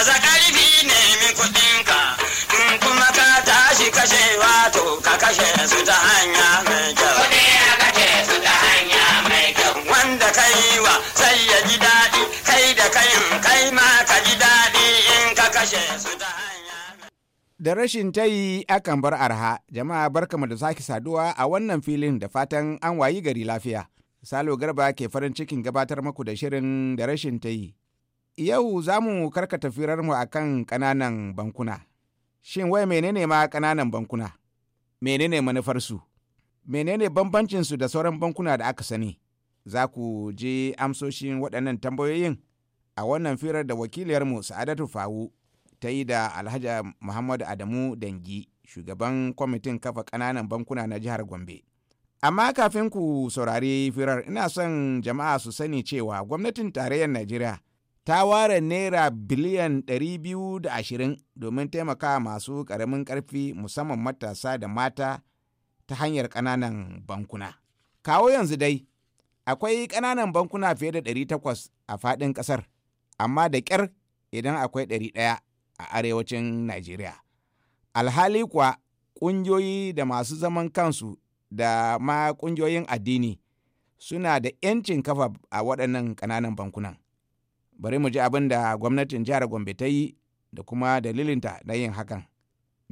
baza ƙarfi ne min kuɗinka in kuma ka tashi kashe wato ka kashe su ta hanya mai kyau. Kuɗi ya kashe su ta hanya mai kyau. Wanda ka yi wa sai ya ji daɗi kai da kayin kai ma ka ji daɗi in ka kashe su ta hanya. Da rashin tayi akan bar arha jama'a barkamu da sake saduwa a wannan filin da fatan an wayi gari lafiya. Salo Garba ke farin cikin gabatar maku da shirin da rashin tayi. Yau za mu karkata firarmu a kan ƙananan bankuna. Shin wai menene ma ƙananan bankuna? Menene manufarsu? Menene bambancinsu da sauran bankuna da aka sani? Za ku je amsoshin waɗannan tambayoyin a wannan firar da wakiliyarmu Sa'adatu Fawu ta yi da Alhaji Muhammadu Adamu Dangi, shugaban kwamitin kafa ƙananan bankuna na jihar Gombe. Amma kafin ku saurari firar ina son jama'a su sani cewa gwamnatin tarayyar Najeriya ta ware naira biliyan 220 domin taimaka masu ƙaramin ƙarfi musamman matasa da mata ta hanyar ƙananan bankuna. Kawo yanzu dai, akwai ƙananan bankuna fiye da 800 a faɗin ƙasar, amma da ƙyar idan akwai 100 a arewacin Najeriya. Alhali kuwa ƙungiyoyi da masu zaman kansu da ma ƙungiyoyin addini suna da 'yancin kafa a waɗannan ƙananan bankunan. bari mu ji abin da gwamnatin jihar gombe ta yi da kuma dalilinta na yin hakan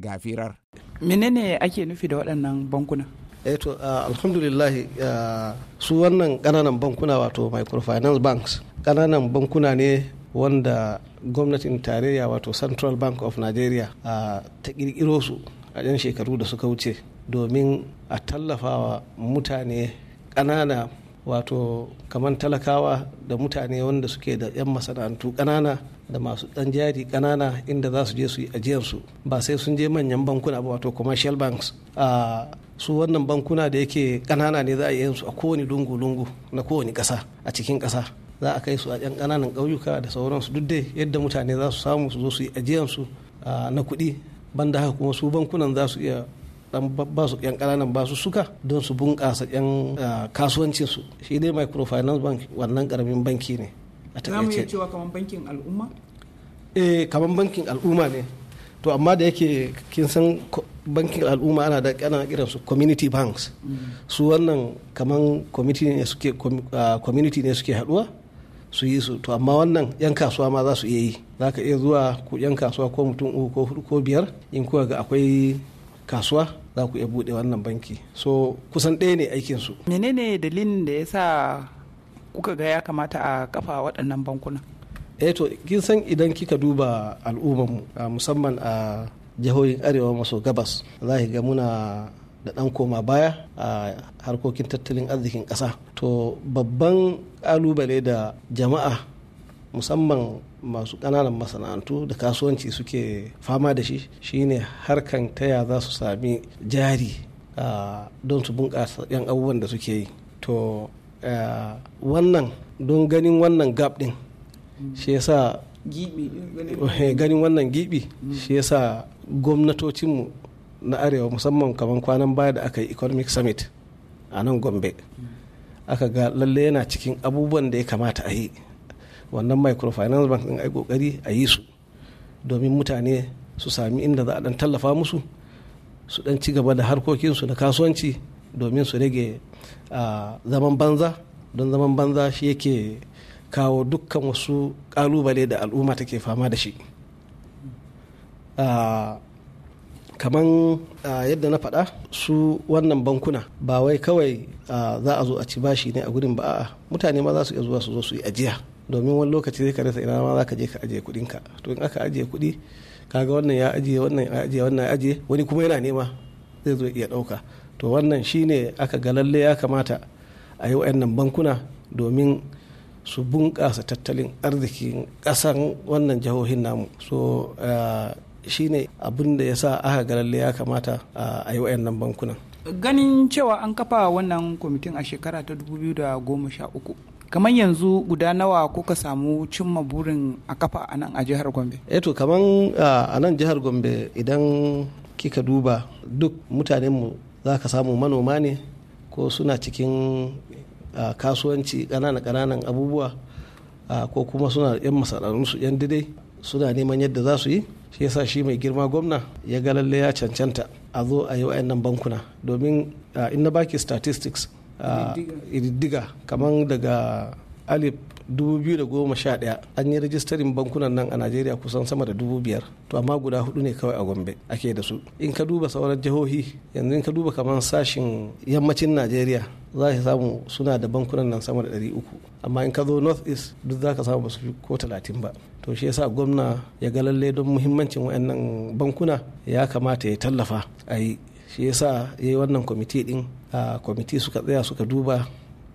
ga firar menene ake nufi da waɗannan bankuna Eto, eh ah, alhamdulillah ah, su wannan ƙananan bankuna wato microfinance banks ƙananan bankuna ne wanda gwamnatin tarayya wato central bank of nigeria ah, ta ƙirƙiro su a yan shekaru da suka wuce domin a tallafawa mutane ƙanana wato kamar talakawa da mutane wanda suke da 'yan masana'antu kanana da masu ɗan jari kanana inda za su je su yi ajiyarsu ba sai sun je manyan bankuna ba wato commercial banks su wannan bankuna da yake kanana ne za a yi su a kowane lungu-lungu na kowane ƙasa a cikin ƙasa za a kai su a 'yan ƙananan ƙauyuka da sauransu duk dai yadda mutane za su samu su zo su yi ajiyarsu na kuɗi banda haka kuma su bankunan za su iya dan ba su yan kananan basu suka don su bunƙasa yan ah, kasuwancin su shi dai microfinance bank wannan karamin banki ne a yace cewa kaman bankin al'umma eh kaman bankin al'umma ne to amma da yake kin san bankin al'umma ana da kana kiran su community banks mm. su wannan kaman ah, community ne suke community ne suke haduwa su yi su to amma wannan yan kasuwa ma za su iya yi za ka iya zuwa yan kasuwa ko mutum uku ko hudu ko biyar in kuwa ga akwai kasuwa za ku iya buɗe wannan banki so kusan ɗaya ne aikinsu menene dalilin da ya sa kuka ga ya kamata a kafa waɗannan bankuna eh to kin san idan kika duba al'ummar mu. musamman a jihohin arewa maso gabas za ki ga muna da ɗan koma baya a harkokin tattalin arzikin ƙasa to babban ƙalubale da jama'a musamman masu ƙananan masana'antu da kasuwanci suke fama da shi shine harkan ya za su sami jari don su bunƙasa 'yan abubuwan da suke yi to wannan don ganin wannan gap ɗin shi yasa eh, ganin wannan gibi mm. shi yasa gwamnatocinmu na arewa musamman kamar kwanan baya da aka yi economic summit a nan gombe mm. aka ga lalle yana cikin abubuwan da ya kamata a yi wannan microfinance bank din ai kokari a yi su domin mutane su sami inda za a dan tallafa musu su dan ci gaba da harkokin su na kasuwanci domin su rage zaman banza don zaman banza shi yake kawo dukkan wasu kalubale da al'umma take fama da shi kamar yadda na faɗa su wannan bankuna ba wai kawai za a zo a ci bashi ne a gurin ba mutane ma za su iya zuwa su zo su yi ajiya domin wani lokaci zai ka rasa ina ma za ka je ka ajiye kuɗinka to in aka ajiye kuɗi kaga wannan ya ajiye wannan ya ajiye wannan ya ajiye wani kuma yana nema zai zo iya ɗauka to wannan shine aka ga lalle ya kamata a yi wayannan bankuna domin su bunƙasa tattalin arzikin ƙasan wannan jihohin namu so eh, shine abin da ya sa aka ga lalle ya kamata eh, a yi wayannan bankunan ganin cewa an kafa wannan kwamitin a shekara ta 2013 kamar yanzu guda nawa kuka samu cimma burin a kafa a nan a jihar gombe eh to kamar ah, a nan jihar gombe idan kika duba duk mutanenmu za ka samu manoma ne ko suna cikin ah, kasuwanci ƙananan kananan abubuwa ah, ko kuma suna 'yan masana'antu 'yan didai suna neman yadda za su yi shi yasa shi mai girma gwamna ya ga lalle ya cancanta a zo a yi wa'annan bankuna domin in na baki statistics Ah, ididdiga kamar daga alif 2011 an yi rajistarin bankunan nan a najeriya kusan sama da dubu biyar to amma guda hudu ne kawai a gombe ake da su in ka duba sauran jihohi yanzu in ka duba kamar sashin yammacin najeriya za ka samu suna da bankunan nan sama da ɗari uku amma in ka zo north east duk za ka samu basu fi ko talatin ba to shi yasa gwamna ya ga lalle don muhimmancin wayannan bankuna ya kamata ya tallafa ayi. shi sa ya yi wannan kwamiti din a kwamiti suka tsaya suka duba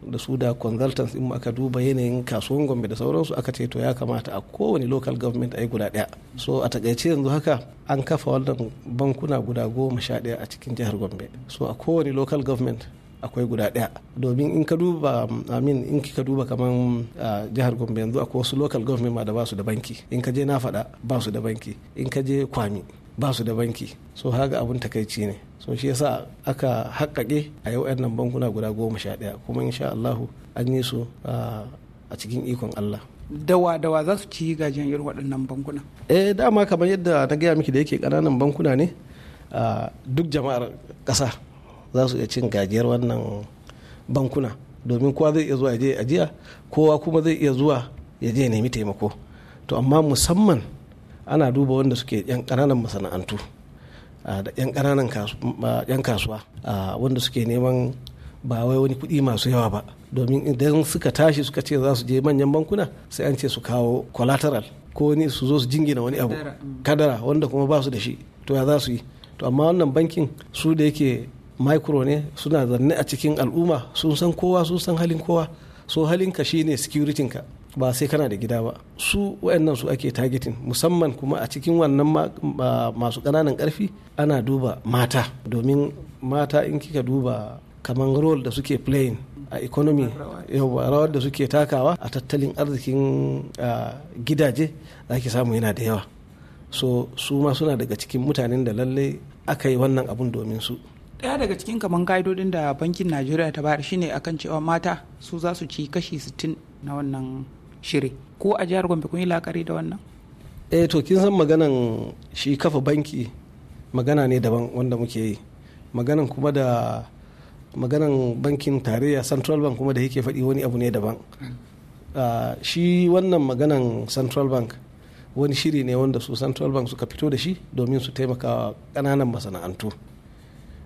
da su da consultants in aka duba yanayin kasuwan gombe da sauransu aka ce to ya kamata a kowane local government a yi guda daya so a takaice yanzu haka an kafa wannan bankuna guda goma sha daya a cikin jihar gombe so a kowane local government akwai guda ɗaya domin in ka duba amin in ka duba kaman jihar gombe yanzu akwai wasu local government ma da basu da banki in ka je na faɗa basu da banki in ka je kwami basu da banki so haga abun takaici ne so shi yasa aka haƙaƙe a yau nan bankuna guda goma sha ɗaya kuma insha Allahu an yi su ah, a cikin ikon Allah dawa dawa za su ci gajiyan waɗannan bankuna eh dama kamar yadda na gaya miki da yake ƙananan bankuna ne ah, duk jama'ar ƙasa za su iya cin gajiyar wannan bankuna domin kowa zai iya zuwa ya je ajiya kowa kuma zai iya zuwa ya je nemi taimako to amma musamman ana duba wanda suke yan ƙananan masana'antu da 'yan ƙananan 'yan kasuwa wanda suke neman ba wai wani kuɗi masu yawa ba domin idan suka tashi suka ce za su je manyan bankuna sai an ce su kawo collateral ko ni su zo su jingina wani abu mm. kadara wanda kuma ba su da shi to ya za su yi to amma wannan bankin su da yake micro ne suna zanne a cikin al'umma sun san kowa sun san halin kowa so halinka shine ka ba sai kana da gida ba su wayannan su ake targeting musamman kuma a cikin wannan masu ƙananan karfi ana duba mata domin mata in kika duba kamar role da suke playing a economy yawa rawar da suke takawa a tattalin arzikin gidaje za ki samu yana da yawa so su ma suna daga cikin mutanen da lallai aka yi wannan abun domin su daya daga cikin kaman ka'idodin da bankin najeriya ta bayar shine akan cewa mata su za su ci kashi 60 na wannan shiri ko a jihar gombe kun yi la'akari da wannan eh to kin san maganan shi kafa banki magana ne daban wanda muke yi maganan kuma da maganan bankin tarayya central bank kuma da yake faɗi wani abu ne daban ah, shi wannan maganan central bank wani shiri ne wanda su central bank suka fito da shi domin su taimaka ƙananan masana'antu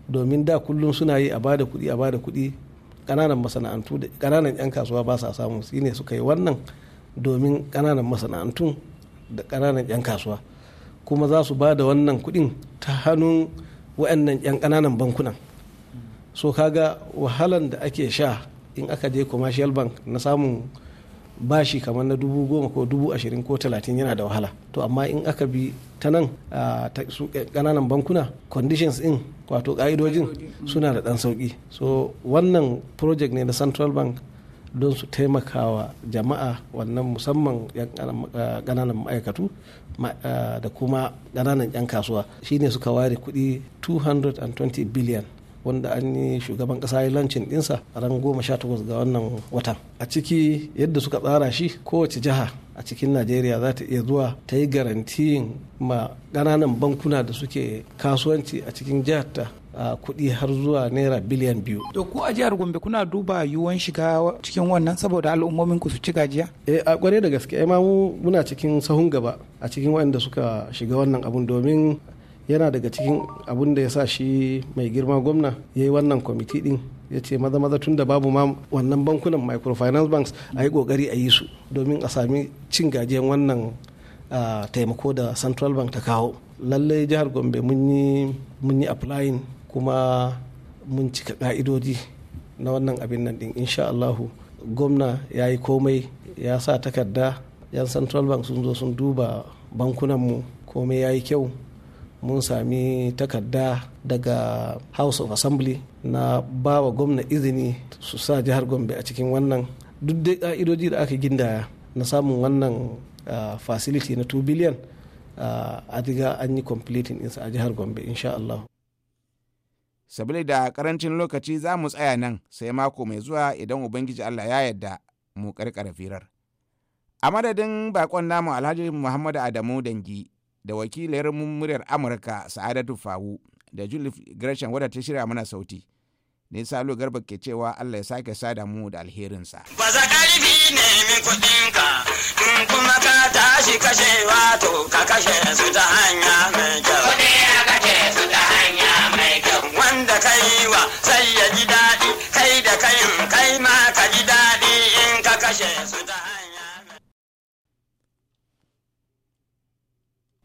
domin da kullum suna yi a bada kuɗi a bada kuɗi ƙananan masana'antu ƙananan 'yan kasuwa ba sa samu shi ne suka yi wannan domin ƙananan masana'antu da ƙananan 'yan kasuwa kuma za su ba da wannan kuɗin ta hannun wa'annan 'yan ƙananan bankunan so kaga wahalan da ake sha in aka je commercial bank na samun bashi kamar na dubu goma ko dubu ashirin ko talatin yana da wahala to amma in aka bi ta nan a su kananan bankuna conditions in wato ka'idojin suna da ɗan sauki so wannan project ne na central bank don su taimakawa jama'a wannan musamman eh, ƙananan ma'aikatu eh, da kuma ƙananan 'yan kasuwa shine suka ware kuɗi 220 biliyan wanda an yi shugaban ƙasa ya lancin dinsa a ran goma sha takwas ga wannan watan a ciki yadda suka tsara shi kowace jiha a cikin najeriya za ta iya zuwa ta yi garantiyin ma ƙananan bankuna da suke kasuwanci a cikin jihar ta kuɗi har zuwa naira biliyan biyu. To ko a jihar Gombe kuna duba yiwuwan shiga cikin wannan saboda al'ummomin ku su ci gajiya? Eh a kware da gaske ma muna cikin sahun gaba a cikin waɗanda suka shiga wannan abun domin yana daga cikin abun da ya sa shi mai girma gwamna ya yi wannan kwamiti din ya ce maza maza tun da babu ma wannan bankunan microfinance banks a yi kokari a yi su domin a sami cin gajiyan wannan taimako da central bank ta kawo lallai jihar gombe mun yi applying kuma mun cika ka'idodi na wannan abin nan din insha Allahu gwamna ya yi komai ya sa takarda yan central bank sun zo sun duba bankunan mu komai ya yi kyau mun sami takarda daga house of assembly na ba gwamna izini su sa jihar gombe a cikin wannan duk da ka'idoji da aka gindaya na samun wannan facility na 2 billion a diga an yi completing insa a jihar gombe insha Allahu. sabili da karancin lokaci za mu tsaya nan sai mako mai zuwa idan ubangiji allah ya yarda mu karkara firar a madadin bakon namu alhaji muhammadu adamu dangi da wakilin muryar amurka sa'adatu fawu da julif gresham wadda ta shirya mana sauti ne salo garba ke cewa allah ya sake sada mu da alherinsa baza karfi ne min kudinka kuma ka tashi kashewa to ka kashe su ta